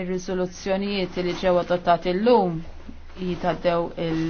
Ir-riżoluzzjonijiet li ġew adottati llum jitaddew il-